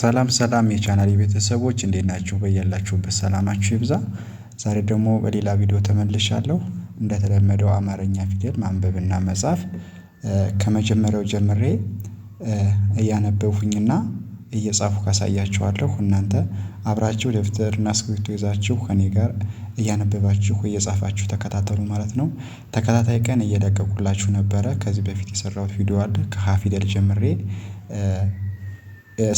ሰላም ሰላም የቻናል ቤተሰቦች እንዴት ናችሁ? በያላችሁበት ሰላማችሁ ይብዛ። ዛሬ ደግሞ በሌላ ቪዲዮ ተመልሻለሁ። እንደተለመደው አማርኛ ፊደል ማንበብና መጻፍ ከመጀመሪያው ጀምሬ እያነበብኩኝና እየጻፉ ካሳያችኋለሁ። እናንተ አብራችሁ ደብተርና እስክሪብቶ ይዛችሁ ከኔ ጋር እያነበባችሁ እየጻፋችሁ ተከታተሉ ማለት ነው። ተከታታይ ቀን እየለቀቁላችሁ ነበረ። ከዚህ በፊት የሰራሁት ቪዲዮ አለ ከሀ ፊደል ጀምሬ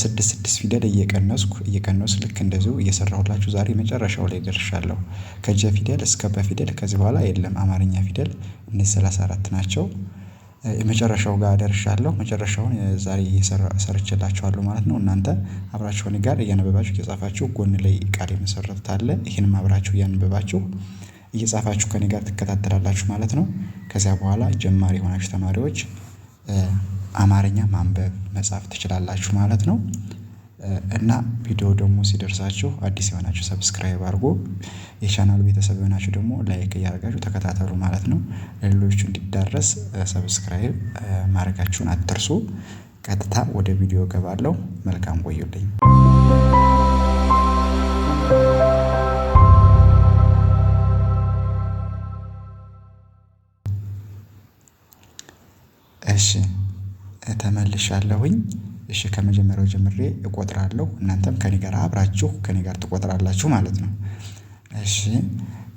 ስድስት ስድስት ፊደል እየቀነስኩ እየቀነስ ልክ እንደዚሁ እየሰራሁላችሁ ዛሬ መጨረሻው ላይ ደርሻለሁ። ከጀ ፊደል እስከ ፐ ፊደል ከዚህ በኋላ የለም አማርኛ ፊደል እነዚህ 34 ናቸው። የመጨረሻው ጋር ደርሻለሁ መጨረሻውን ዛሬ ሰርቼላችኋለሁ ማለት ነው። እናንተ አብራችሁን ጋር እያነበባችሁ እየጻፋችሁ ጎን ላይ ቃል የመሰረቱት አለ ይህንም አብራችሁ እያነበባችሁ እየጻፋችሁ ከኔ ጋር ትከታተላላችሁ ማለት ነው። ከዚያ በኋላ ጀማሪ የሆናችሁ ተማሪዎች አማርኛ ማንበብ መጻፍ ትችላላችሁ ማለት ነው። እና ቪዲዮ ደግሞ ሲደርሳችሁ አዲስ የሆናችሁ ሰብስክራይብ አድርጎ የቻናሉ ቤተሰብ የሆናችሁ ደግሞ ላይክ እያደረጋችሁ ተከታተሉ ማለት ነው። ለሌሎቹ እንዲዳረስ ሰብስክራይብ ማድረጋችሁን አትርሱ። ቀጥታ ወደ ቪዲዮ ገባለው መልካም ቆዩልኝ። እሺ ተመልሻለሁኝ። እሺ ከመጀመሪያው ጀምሬ እቆጥራለሁ እናንተም ከኔ ጋር አብራችሁ ከኔ ጋር ትቆጥራላችሁ ማለት ነው። እሺ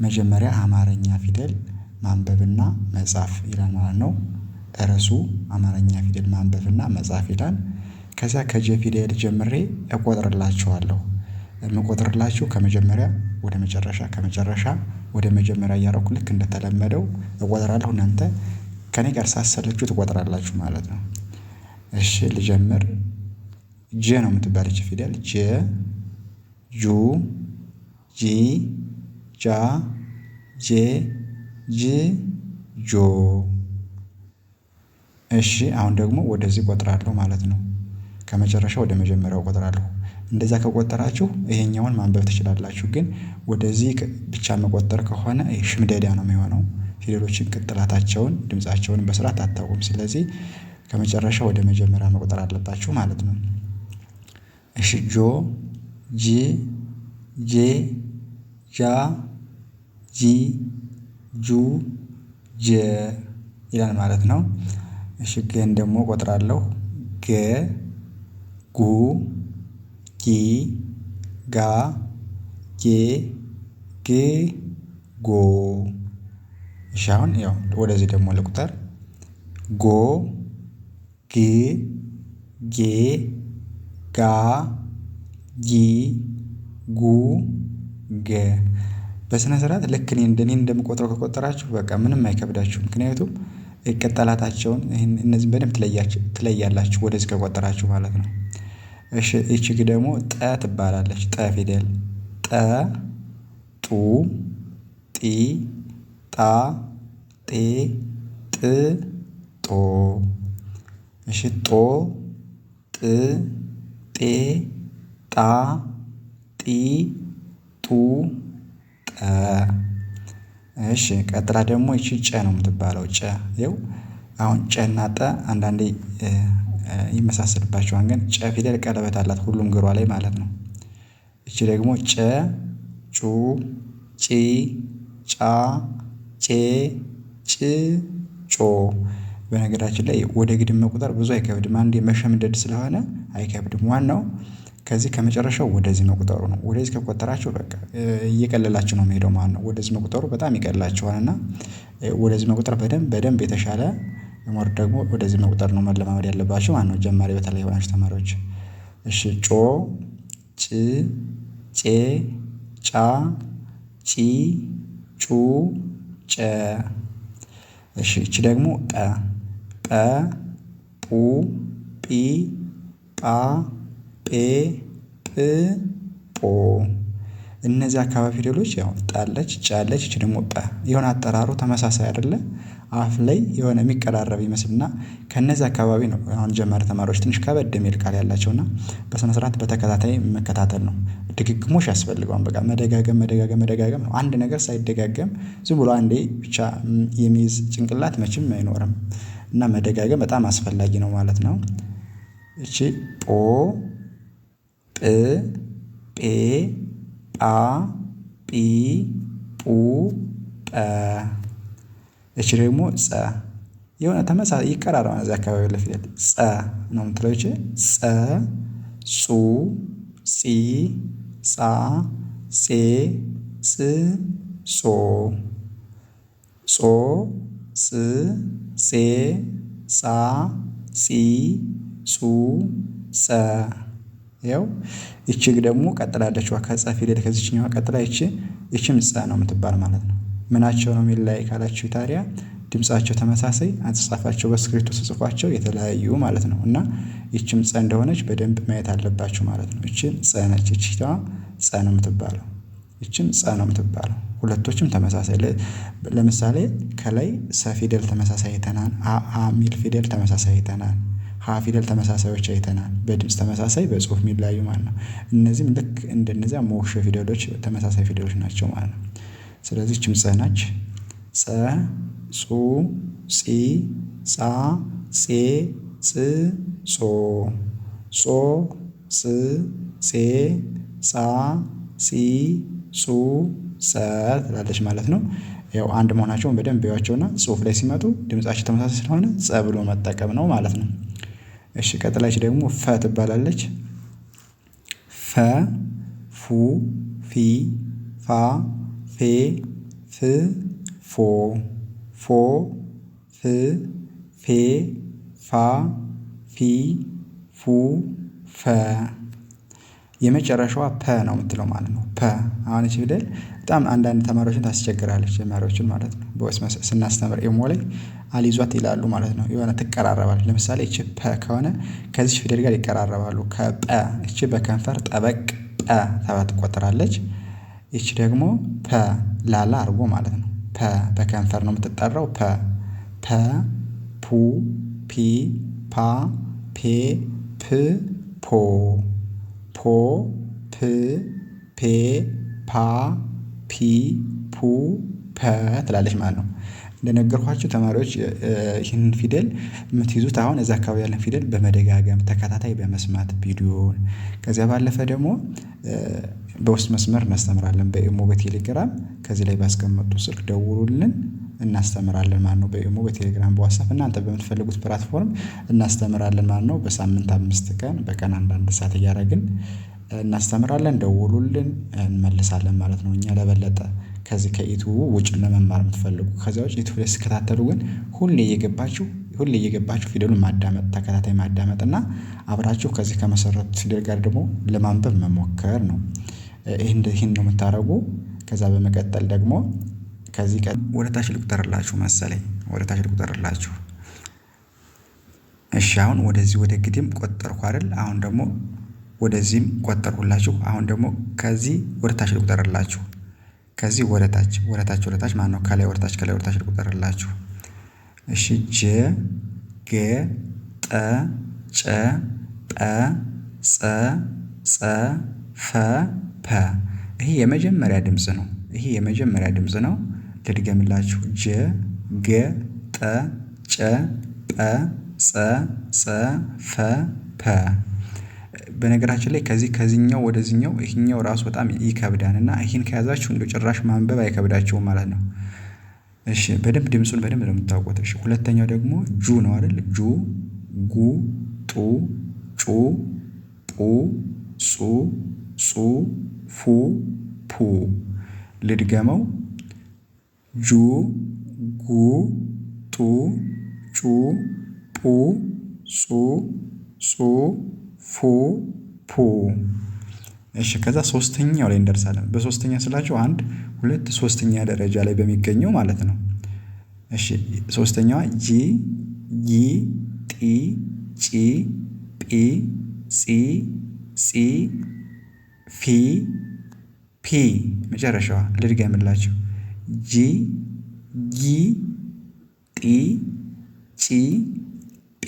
መጀመሪያ አማርኛ ፊደል ማንበብና መጻፍ ይላል ማለት ነው። ርዕሱ አማርኛ ፊደል ማንበብና መጻፍ ይላል። ከዛ ከጀ ፊደል ጀምሬ እቆጥርላችኋለሁ የምቆጥርላችሁ ከመጀመሪያ ወደ መጨረሻ ከመጨረሻ ወደ መጀመሪያ እያደረኩ ልክ እንደተለመደው እቆጥራለሁ እናንተ ከኔ ጋር ሳሰለችሁ ትቆጥራላችሁ ማለት ነው እሺ ልጀምር። ጄ ነው የምትባል ፊደል ጄ ጁ ጂ ጃ ጄ ጂ ጆ። እሺ አሁን ደግሞ ወደዚህ ቆጥራለሁ ማለት ነው። ከመጨረሻ ወደ መጀመሪያው ቆጥራለሁ። እንደዛ ከቆጠራችሁ ይሄኛውን ማንበብ ትችላላችሁ። ግን ወደዚህ ብቻ መቆጠር ከሆነ ሽምደዳ ነው የሚሆነው ፊደሎችን ቅጥላታቸውን ድምፃቸውን በስርዓት አታውቁም። ስለዚህ ከመጨረሻ ወደ መጀመሪያ መቁጠር አለባችሁ ማለት ነው። እሺ ጆ ጂ ጄ ጃ ጂ ጁ ጀ ይላል ማለት ነው። እሺ ገን ደግሞ ቆጥራለሁ ገ ጉ ጊ ጋ ጌ ግ ጎ። እሺ አሁን ያው ወደዚህ ደግሞ ልቁጠር ጎ ግ ጌ ጋ ጊ ጉ ገ በስነ ስርዓት ልክ እኔ እንደኔ እንደምቆጥረው ከቆጠራችሁ በቃ ምንም አይከብዳችሁም። ምክንያቱም ቀጠላታቸውን ይሄን በደንብ ትለያችሁ ትለያላችሁ ወደዚህ ከቆጠራችሁ ማለት ነው። እሺ ይቺ ደግሞ ጠ ትባላለች ጠ ፊደል ጠ ጡ ጢ ጣ ጤ ጥ ጦ እሺ ጦ ጥ ጤ ጣ ጢ ጡ ጠ እሺ ቀጥላ ደግሞ ይቺ ጨ ነው የምትባለው ጨ ይኸው አሁን ጨ እና ጠ አንዳንዴ ይመሳሰልባቸዋል ግን ጨ ፊደል ቀለበት አላት ሁሉም ግሯ ላይ ማለት ነው። እቺ ደግሞ ጨ ጩ ጪ ጫ ጬ ጭ ጮ በነገራችን ላይ ወደ ግድም መቁጠር ብዙ አይከብድም አንዴ መሸምደድ ስለሆነ አይከብድም ዋናው ከዚህ ከመጨረሻው ወደዚህ መቁጠሩ ነው ወደዚህ ከቆጠራችሁ በቃ እየቀለላችሁ ነው የሚሄደው ማለት ነው ወደዚህ መቁጠሩ በጣም ይቀላችኋል እና ወደዚህ መቁጠር በደንብ በደንብ የተሻለ ሞር ደግሞ ወደዚህ መቁጠር ነው መለማመድ ያለባቸው ማለት ነው ጀማሪ በተለይ የሆናችሁ ተማሪዎች እሺ ጮ ጭ ጬ ጫ ጪ ጩ ጨ እሺ እቺ ደግሞ ቀ ጰ ጱ ጲ ጳ ጴ ጵ ጶ እነዚህ አካባቢ ፊደሎች ያው ጣለች ጫለች ይቺ ደግሞ ጰ የሆነ አጠራሩ ተመሳሳይ አይደለ አፍ ላይ የሆነ የሚቀራረብ ይመስልና ከነዚህ አካባቢ ነው አሁን ጀማሪ ተማሪዎች ትንሽ ከበድ የሚል ቃል ያላቸው በስነ ስርዓት በተከታታይ መከታተል ነው። ድግግሞሽ ያስፈልገዋል። በቃ መደጋገም መደጋገም መደጋገም ነው። አንድ ነገር ሳይደጋገም ዝም ብሎ አንዴ ብቻ የሚይዝ ጭንቅላት መቼም አይኖርም። እና መደጋገም በጣም አስፈላጊ ነው ማለት ነው። እቺ ጶ ጵ ጴ ጳ ጲ ጱ ጰ እቺ ደግሞ ጸ የሆነ ተመሳሳይ ይቀራረባል እዚህ አካባቢ ያለ ፊደል ጸ ነው የምትለው ይቺ ጸ ጹ ጺ ጻ ጼ ጽ ጾ ጾ ስ ሴ ሳ ሲ ሱ ሰ ያው ይቺግ ደግሞ ቀጥላለች ከጸ ፊደል ከዚችኛዋ ቀጥላ ይቺ ይቺም ጸ ነው የምትባል ማለት ነው። ምናቸው ነው የሚለያይ ካላችሁ ታዲያ ድምጻቸው ተመሳሳይ፣ አጻጻፋቸው በስክሪፕቱ ስጽፏቸው የተለያዩ ማለት ነው እና ይችም ጸ እንደሆነች በደንብ ማየት አለባችሁ ማለት ነው። ይችን ጸ ነች። ይችዋ ጸ ነው የምትባለው። ይችም ፀ ነው የምትባለው። ሁለቶችም ተመሳሳይ ለምሳሌ ከላይ ሰ ፊደል ተመሳሳይ አይተናል። አ ሚል ፊደል ተመሳሳይ አይተናል። ሀ ፊደል ተመሳሳዮች አይተናል። በድምፅ ተመሳሳይ በጽሁፍ የሚለያዩ ማለት ነው። እነዚህም ልክ እንደነዚያ ሞክሼ ፊደሎች ተመሳሳይ ፊደሎች ናቸው ማለት ነው። ስለዚህ ችም ፀ ናች። ፀ ጹ ፂ ጻ ጼ ጽ ጾ ጾ ጽ ጼ ጻ ጺ ጹ ጸ ትላለች ማለት ነው። ያው አንድ መሆናቸውን በደንብ እዩዋቸውና ጽሁፍ ላይ ሲመጡ ድምጻቸው ተመሳሳይ ስለሆነ ጸ ብሎ መጠቀም ነው ማለት ነው። እሺ ቀጥላች ደግሞ ፈ ትባላለች። ፈ ፉ ፊ ፋ ፌ ፍ ፎ ፎ ፍ ፌ ፋ ፊ ፉ ፈ የመጨረሻዋ ፐ ነው የምትለው ማለት ነው። ፐ አሁን ይቺ ፊደል በጣም አንዳንድ ተማሪዎችን ታስቸግራለች ጀማሪዎችን ማለት ነው። በወስ ስናስተምር ኢሞ ላይ አሊዟት ይላሉ ማለት ነው። የሆነ ትቀራረባለች። ለምሳሌ ይቺ ፐ ከሆነ ከዚች ፊደል ጋር ይቀራረባሉ። ከጰ ይቺ በከንፈር ጠበቅ ጰ ተባ ትቆጠራለች። ይቺ ደግሞ ፐ ላላ አርጎ ማለት ነው። ፐ በከንፈር ነው የምትጠራው። ፐ ፐ ፑ ፒ ፓ ፔ ፕ ፖ ፖ ፕ ፔ ፓ ፒ ፑ ፐ ትላለች ማለት ነው። እንደነገርኳቸው ተማሪዎች ይህንን ፊደል የምትይዙት አሁን እዛ አካባቢ ያለን ፊደል በመደጋገም ተከታታይ በመስማት ቪዲዮውን ከዚያ ባለፈ ደግሞ በውስጥ መስመር እናስተምራለን። በኢሞ በቴሌግራም ከዚህ ላይ ባስቀመጡ ስልክ ደውሉልን። እናስተምራለን ማለት ነው። በኢሞ በቴሌግራም በዋትሳፕ እናንተ በምትፈልጉት ፕላትፎርም እናስተምራለን ማለት ነው። በሳምንት አምስት ቀን በቀን አንዳንድ ሰዓት እያደረግን እናስተምራለን ደውሉልን እንመልሳለን ማለት ነው። እኛ ለበለጠ ከዚህ ከኢቱ ውጭ ለመማር የምትፈልጉ ከዚያ ውጭ ዩቲዩብ ላይ ግን ሁሌ እየገባችሁ ሁሌ እየገባችሁ ፊደሉን ማዳመጥ ተከታታይ ማዳመጥ እና አብራችሁ ከዚህ ከመሰረቱት ፊደል ጋር ደግሞ ለማንበብ መሞከር ነው። ይሄን ነው የምታደርጉ። ከዛ በመቀጠል ደግሞ ከዚህ ቀ ወደ ታች ልቁጠርላችሁ መሰለኝ፣ ወደ ታች ልቁጠርላችሁ። እሺ አሁን ወደዚህ ወደ ግድም ቆጠርኩ አይደል? አሁን ደግሞ ወደዚህም ቆጠርኩላችሁ። አሁን ደግሞ ከዚህ ወደ ታች ልቁጠርላችሁ። ከዚህ ወደ ታች ወደ ታች ወደ ታች ማለት ነው። ከላይ ወደ ታች ከላይ ወደ ታች ልቁጠርላችሁ። እሺ ጀ ገ ጠ ጨ ጰ ጸ ጸ ፈ ፐ ይሄ የመጀመሪያ ድምፅ ነው። ይሄ የመጀመሪያ ድምፅ ነው። ልድገምላችሁ ጀ ገ ጠ ጨ ጰ ጸ ጸ ፈ ፐ። በነገራችን ላይ ከዚህ ከዚህኛው ወደዚህኛው ይህኛው ራሱ በጣም ይከብዳል እና ይህን ከያዛችሁ እንደ ጭራሽ ማንበብ አይከብዳችሁም ማለት ነው። እሺ በደንብ ድምፁን በደንብ ነው የምታውቁት። እሺ ሁለተኛው ደግሞ ጁ ነው አይደል? ጁ ጉ ጡ ጩ ጡ ጹ ጹ ፉ ፑ ልድገመው ጁ ጉ ጡ ጩ ጱ ጹ ጹ ፉ ፑ። እሺ ከዛ ሶስተኛው ላይ እንደርሳለን። በሶስተኛ ስላቸው አንድ ሁለት ሶስተኛ ደረጃ ላይ በሚገኘው ማለት ነው። እሺ ሶስተኛዋ ጂ ጊ ጢ ጪ ጲ ጺ ጺ ፊ ፒ መጨረሻዋ የምላቸው ጂ ጊ ጢ ጪ ጲ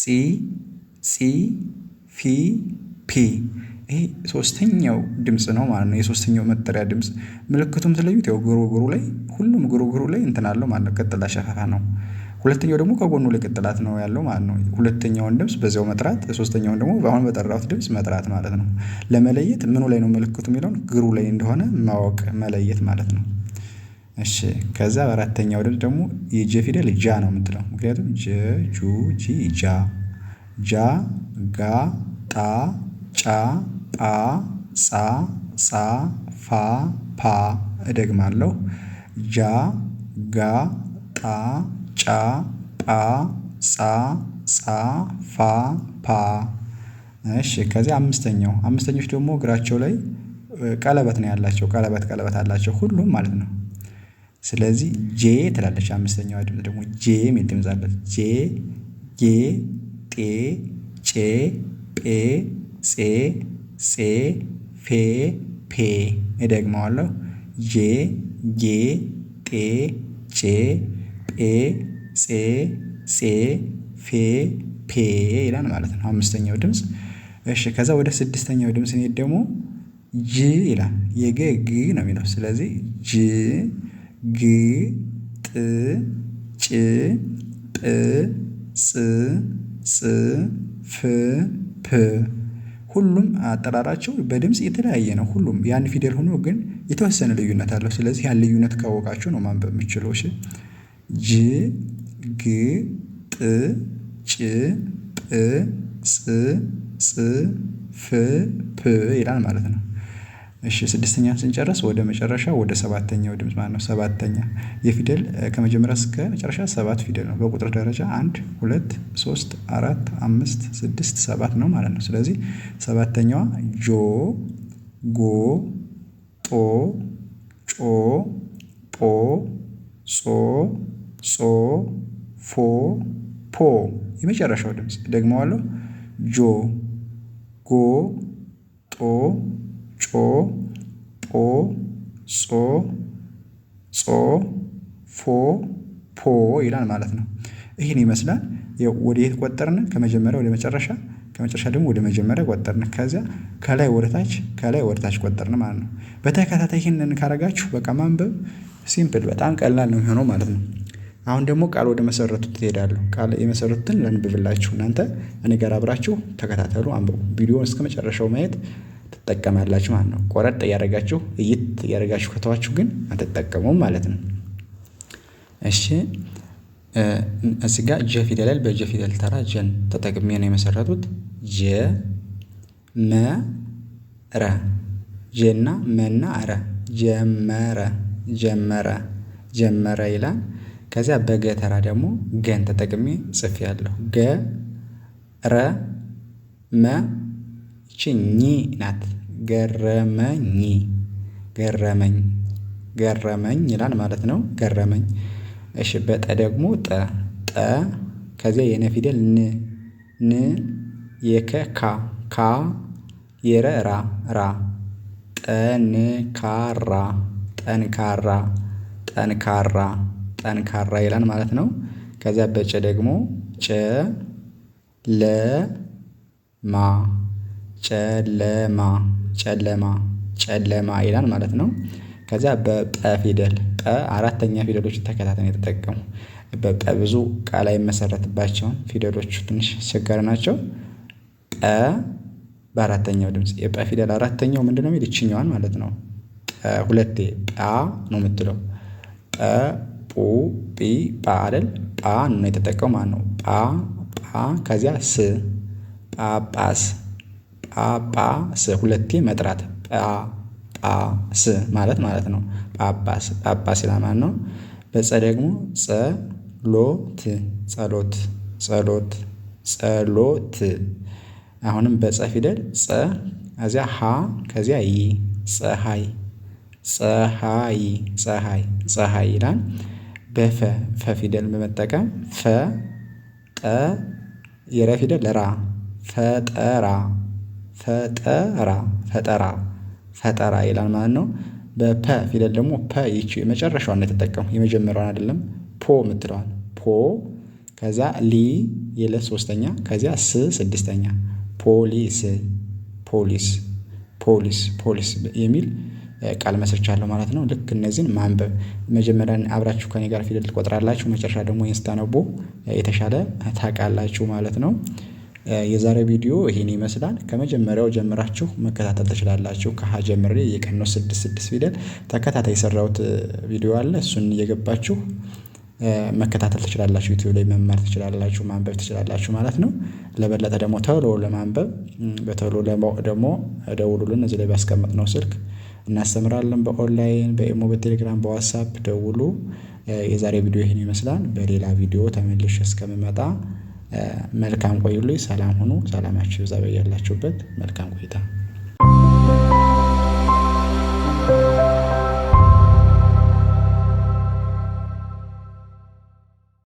ጺ ጺ ፊ ፒ ይሄ ሶስተኛው ድምፅ ነው ማለት ነው። የሶስተኛው መጠሪያ ድምፅ ምልክቱም ስለዩት ያው ግሮግሩ ላይ ሁሉም ግሮግሩ ላይ እንትናለው ማለት ነው። ቀጥላ አሸፋፋ ነው። ሁለተኛው ደግሞ ከጎኑ ላይ ቅጥላት ነው ያለው ማለት ነው። ሁለተኛውን ድምጽ በዚያው መጥራት ሶስተኛውን ደግሞ በአሁን በጠራሁት ድምጽ መጥራት ማለት ነው። ለመለየት ምኑ ላይ ነው ምልክቱ የሚለውን እግሩ ላይ እንደሆነ ማወቅ መለየት ማለት ነው። እሺ ከዛ በአራተኛው ድምጽ ደግሞ የጀ ፊደል ጃ ነው የምትለው ምክንያቱም ጀ ጁ ጂ ጃ ጃ ጋ ጣ ጫ ጳ ጻ ጻ ፋ ፓ እደግማለሁ ጃ ጋ ጣ ጫ ጳ ጻ ጻ ፋ ፓ። እሺ ከዚህ አምስተኛው አምስተኞች ደግሞ እግራቸው ላይ ቀለበት ነው ያላቸው ቀለበት ቀለበት አላቸው ሁሉም ማለት ነው። ስለዚህ ጄ ትላለች አምስተኛው ድምጽ ደግሞ ጄ የሚል ድምጽ አላት። ጄ ጌ ጤ ጬ ጴ ጼ ጼ ፌ ፔ እደግመዋለሁ ጄ ጌ ጤ ጬ ጴ ጼ ጼ ፌ ፔ ይላል ማለት ነው። አምስተኛው ድምጽ እሺ። ከዛ ወደ ስድስተኛው ድምፅ ስንሄድ ደግሞ ጅ ይላል። የገ ግ ነው የሚለው። ስለዚህ ጅ ግ ጥ ጭ ጵ ጽ ጽ ፍ ፕ ሁሉም አጠራራቸው በድምፅ የተለያየ ነው። ሁሉም የአንድ ፊደል ሆኖ ግን የተወሰነ ልዩነት አለው። ስለዚህ ያን ልዩነት ካወቃችሁ ነው ማንበብ የምችለው። ጅ ግ ጥ ጭ ጵ ፅ ጽ ፍ ፕ ይላል ማለት ነው። እሺ ስድስተኛን ስንጨርስ ወደ መጨረሻ ወደ ሰባተኛው ድምጽ ማለት ነው። ሰባተኛ የፊደል ከመጀመሪያ እስከ መጨረሻ ሰባት ፊደል ነው በቁጥር ደረጃ አንድ ሁለት ሶስት አራት አምስት ስድስት ሰባት ነው ማለት ነው። ስለዚህ ሰባተኛዋ ጆ ጎ ጦ ጮ ጶ ጾ ጾ ፎ ፖ የመጨረሻው ድምፅ ደግመዋለሁ። ጆ ጎ ጦ ጮ ጶ ጾ ጾ ፎ ፖ ይላል ማለት ነው። ይህን ይመስላል። ወደ የት ቆጠርን? ከመጀመሪያ ወደ መጨረሻ ከመጨረሻ ደግሞ ወደ መጀመሪያ ቆጠርን። ከዚያ ከላይ ወደታች፣ ከላይ ወደታች ቆጠርን ማለት ነው። በተከታታይ ይህንን ካረጋችሁ በቃ ማንበብ ሲምፕል በጣም ቀላል ነው የሚሆነው ማለት ነው። አሁን ደግሞ ቃል ወደ መሰረቱት ትሄዳለሁ ቃል የመሰረቱትን ለንብብላችሁ እናንተ እኔ ጋር አብራችሁ ተከታተሉ አንብቡ ቪዲዮውን መጨረሻው ማየት ትጠቀማላችሁ ማለት ነው። ቆረጥ እያደረጋችሁ እይት እያደረጋችሁ ከተዋችሁ ግን አትጠቀሙም ማለት ነው። እሺ እዚ ጋ ጀ ፊደላል በጀ ፊደል ተራ ጀን ተጠቅሜ ነው የመሰረቱት። ጀ መ ረ ጀና መና ረ ጀመረ ጀመረ ጀመረ ይላል ከዚያ ተራ ደግሞ ገን ተጠቅሜ ያለሁ ገ ረ መ ይቺ ኝ ናት። ገረመኝ ገረመኝ ገረመኝ ይላል ማለት ነው። ገረመኝ። እሺ በጠ ደግሞ ጠ ጠ ከዚያ የነ ፊደል ን ን የከ ካ ካ የረ ራ ራ ጠንካራ ጠንካራ ጠንካራ ጠንካራ ይላል ማለት ነው። ከዚያ በጨ ደግሞ ጨለማ ጨለማ ጨለማ ጨለማ ይላል ማለት ነው። ከዚያ በጠ ፊደል ጠ አራተኛ ፊደሎች ተከታታይ የተጠቀሙ በጠ ብዙ ቃል አይመሰረትባቸውም ፊደሎቹ ትንሽ አስቸጋሪ ናቸው። ጠ በአራተኛው ድምፅ የጠ ፊደል አራተኛው ምንድነው ነው የሚል ይችኛዋን ማለት ነው። ሁለቴ ጳ ነው የምትለው። ኡ ጲ ጳ አይደል ጳ ነው የተጠቀው ማለት ነው። ጳ ጳ ከዚያ ስ ጳጳስ ጳጳስ ሁለቴ መጥራት ጳጳስ ማለት ማለት ነው። ጳጳስ ጳጳስ ይላል ማለት ነው። በፀ ደግሞ ፀ ጸሎት ጸሎት ጸሎት ጸሎት አሁንም በፀ ፊደል ፀ ከዚያ ሀ ከዚያ ይ ፀሐይ ፀሐይ ፀሐይ ፀሐይ ይላል። በፈ ፈ ፊደል በመጠቀም ፈ ጠ የረ ፊደል ራ ፈጠራ ፈጠራ ፈጠራ ፈጠራ ይላል ማለት ነው። በፐ ፊደል ደግሞ ፐ ይቺ የመጨረሻዋን ነው የተጠቀሙ የመጀመሪያዋን አይደለም። ፖ የምትለዋል ፖ ከዚያ ሊ የለ ሶስተኛ ከዚያ ስ ስድስተኛ ፖሊስ ፖሊስ ፖሊስ ፖሊስ የሚል ቃል መስርቻለሁ ማለት ነው። ልክ እነዚህን ማንበብ መጀመሪያ አብራችሁ ከኔ ጋር ፊደል ትቆጥራላችሁ መጨረሻ ደግሞ ይሄን ስታነቡ የተሻለ ታውቃላችሁ ማለት ነው። የዛሬ ቪዲዮ ይሄን ይመስላል ከመጀመሪያው ጀምራችሁ መከታተል ትችላላችሁ ከሀ ጀምሬ የቀኖ ስድስት ስድስት ፊደል ተከታታይ የሰራሁት ቪዲዮ አለ እሱን እየገባችሁ መከታተል ትችላላችሁ ዩቲዩብ ላይ መማር ትችላላችሁ ማንበብ ትችላላችሁ ማለት ነው። ለበለጠ ደግሞ ተሎ ለማንበብ በቶሎ ደግሞ ደውሉልን እዚህ ላይ ባስቀመጥነው ስልክ እናስተምራለን በኦንላይን በኢሞ በቴሌግራም በዋትሳፕ ደውሉ። የዛሬ ቪዲዮ ይህን ይመስላል በሌላ ቪዲዮ ተመልሼ እስከምመጣ። መልካም ቆዩልኝ ሰላም ሁኑ ሰላማችሁ ይብዛ በያላችሁበት መልካም ቆይታ